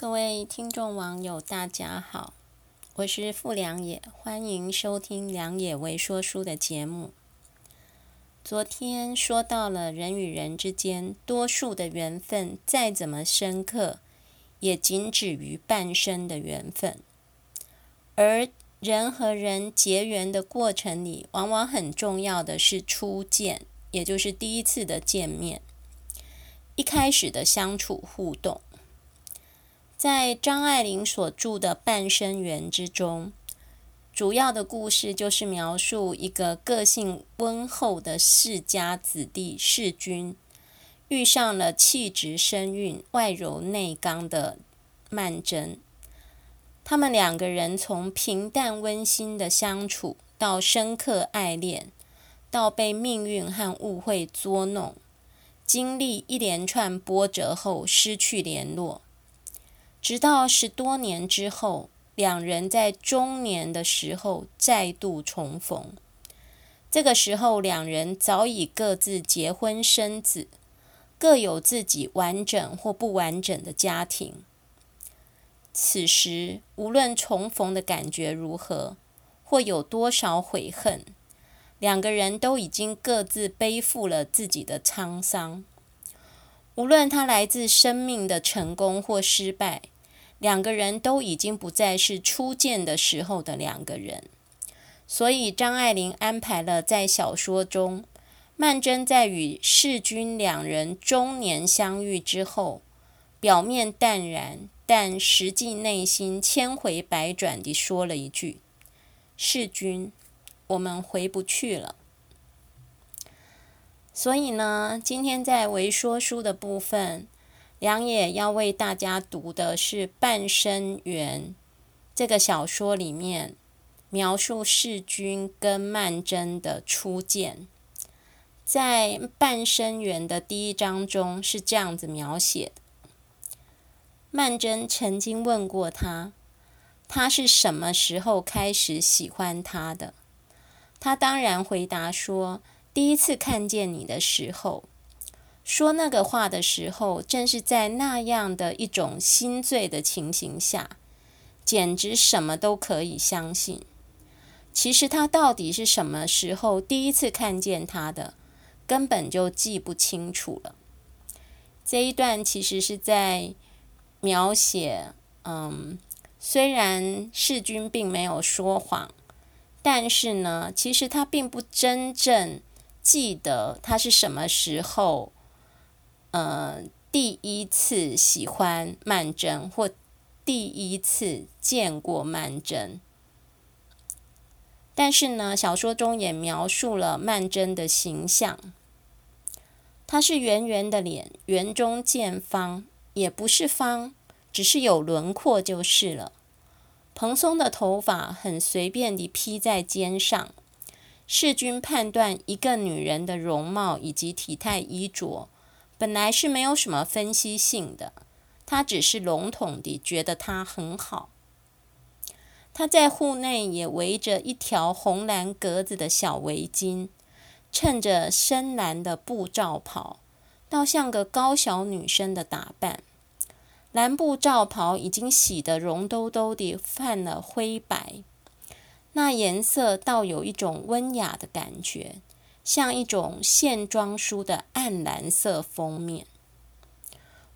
各位聽眾網友，大家好，我是傅良也，歡迎收聽良也微說書的節目。昨天說到了人與人之間，多數的緣分再怎麼深刻，也僅止於半生的緣分。而人和人結緣的過程裡，往往很重要的是初見，也就是第一次的見面，一開始的相處互動。在張愛玲所著的《半生緣》之中，主要的故事就是描述一個個性溫厚的世家子弟世鈞，遇上了氣質深蘊、外柔內剛的曼楨。他們兩個人從平淡溫馨的相處，到深刻愛戀，到被命運和誤會捉弄，經歷一連串波折後，失去聯絡。直到十多年之後，兩人在中年的時候再度重逢。這個時候，兩人早已各自結婚生子，各有自己完整或不完整的家庭。此時，無論重逢的感覺如何，或有多少悔恨，兩個人都已經各自背負了自己的滄桑。無論他來自生命的成功或失敗，兩個人都已經不再是初見的時候的兩個人。所以，張愛玲安排了在小說中，曼楨在與世鈞兩人中年相遇之後，表面淡然，但實際內心千回百轉地說了一句：“世鈞，我們回不去了。”所以呢，今天在微說書的部分，良也要為大家讀的是《半生緣》這個小說裡面描述世鈞跟曼楨的初見。在《半生緣》的第一章中是這樣子描寫的：曼楨曾經問過他，他是什麼時候開始喜歡她的？他當然回答說，第一次看見你的時候，說那個話的時候，正是在那樣的一種心醉的情形下，簡直什麼都可以相信。其實他到底是什麼時候第一次看見她的，根本就記不清楚了。這一段其實是在描寫，嗯，雖然世鈞並沒有說謊，但是呢，其實他並不真正。記得他是什麼時候，呃，第一次喜歡曼楨，或第一次見過曼楨。但是呢，小說中也描述了曼楨的形象。她是圓圓的臉，圓中見方，也不是方，只是有輪廓就是了。蓬鬆的頭髮很隨便地披在肩上。世鈞判斷一個女人的容貌以及體態衣着，本來是沒有什麼分析性的，他只是籠統地覺得她很好。她在戶內也圍着一條紅藍格子的小圍巾，襯着深藍的布罩袍，倒像個高小女生的打扮。藍布罩袍已經洗得絨兜兜地，泛了灰白。那顏色倒有一種溫雅的感覺，像一種線裝書的暗藍色封面。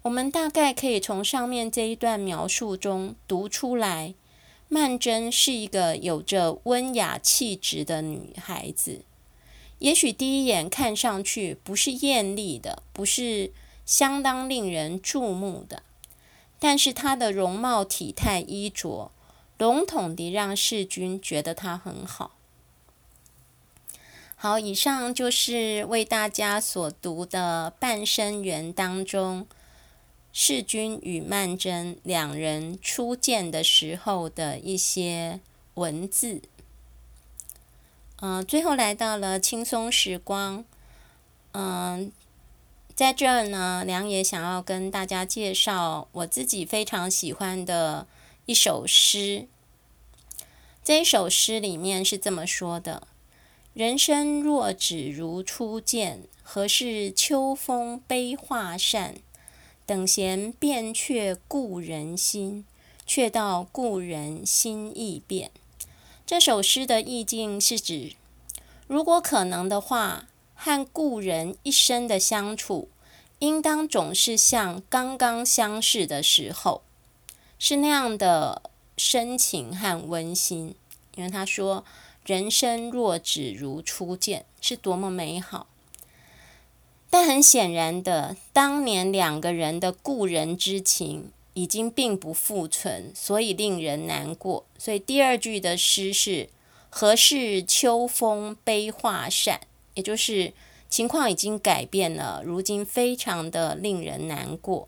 我們大概可以從上面這一段描述中讀出來，曼楨是一個有着溫雅氣質的女孩子。也許第一眼看上去不是豔麗的，不是相當令人注目的，但是她的容貌、體態、衣着。籠統地讓世鈞覺得他很好。好，以上就是為大家所讀的《半生緣》當中世鈞與曼楨兩人初見的時候的一些文字。嗯、呃，最後來到了輕鬆時光。嗯、呃，在這兒呢，良也想要跟大家介紹我自己非常喜歡的一首詩。這首詩裡面是這麼說的：“人生若只如初見，何事秋風悲畫扇？等閒變卻故人心，卻道故人心易變。”這首詩的意境是指，如果可能的話，和故人一生的相處，應當總是像剛剛相識的時候，是那樣的，深情和溫馨，因為他說：“人生若只如初見，是多麼美好。”但很顯然的，當年兩個人的故人之情已經並不復存，所以令人難過。所以第二句的詩是：“何事秋風悲畫扇”，也就是情況已經改變了，如今非常的令人難過。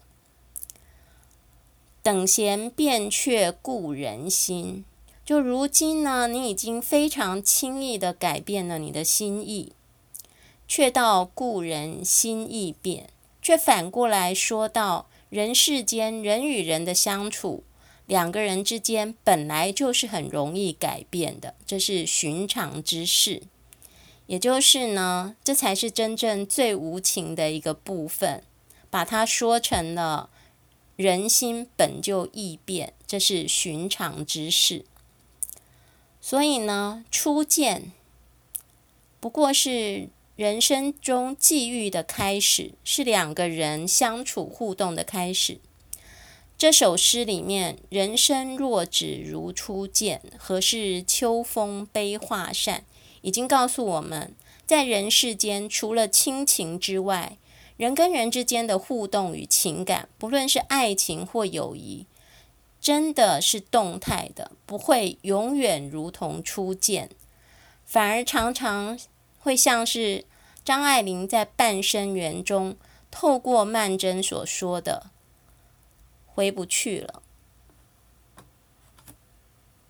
等閒變卻故人心，就如今呢，你已經非常輕易地改變了你的心意，卻道故人心易變，卻反過來說到人世間人與人的相處，兩個人之間本來就是很容易改變的，這是尋常之事。也就是呢，這才是真正最無情的一個部分，把它說成了。人心本就易變，這是尋常之事。所以呢，初見不過是人生中際遇的開始，是兩個人相處互動的開始。這首詩裡面，“人生若只如初見，何事秋風悲畫扇”，已經告訴我們在人世間，除了親情之外，人跟人之間的互動與情感，不論是愛情或友誼，真的是動態的，不會永遠如同初見，反而常常會像是張愛玲在《半生緣》中透過曼楨所說的“回不去了”。